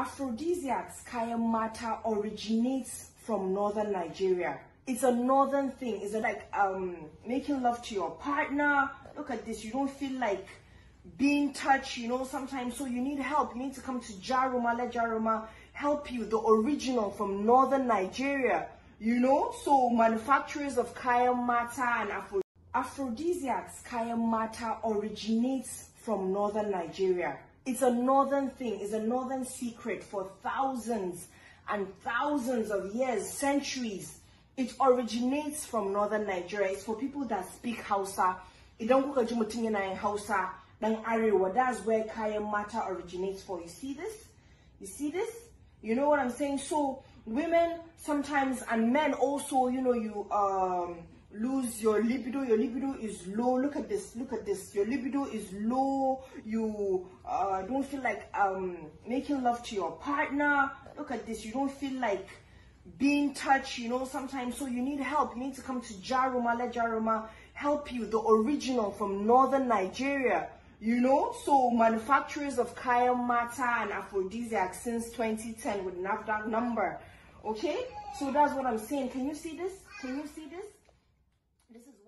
aphrodisiacs Kayamata originates from northern Nigeria. It's a northern thing. It's like um, making love to your partner. Look at this. You don't feel like being touched, you know, sometimes. So you need help. You need to come to Jaruma. Let Jaruma help you. The original from northern Nigeria, you know. So manufacturers of Kayamata and Aphrodisiacs, Kayamata originates from northern Nigeria. It's a northern thing, it's a northern secret for thousands and thousands of years, centuries. It originates from northern Nigeria. It's for people that speak Hausa. Hausa. That's where Kaya Mata originates for. You see this? You see this? You know what I'm saying? So women sometimes and men also, you know, you um lose your libido your libido is low look at this look at this your libido is low you uh, don't feel like um, making love to your partner look at this you don't feel like being touched you know sometimes so you need help you need to come to jaruma let jaruma help you the original from northern nigeria you know so manufacturers of kaya mata and aphrodisiac since 2010 with nafdac number okay so that's what i'm saying can you see this can you see this this is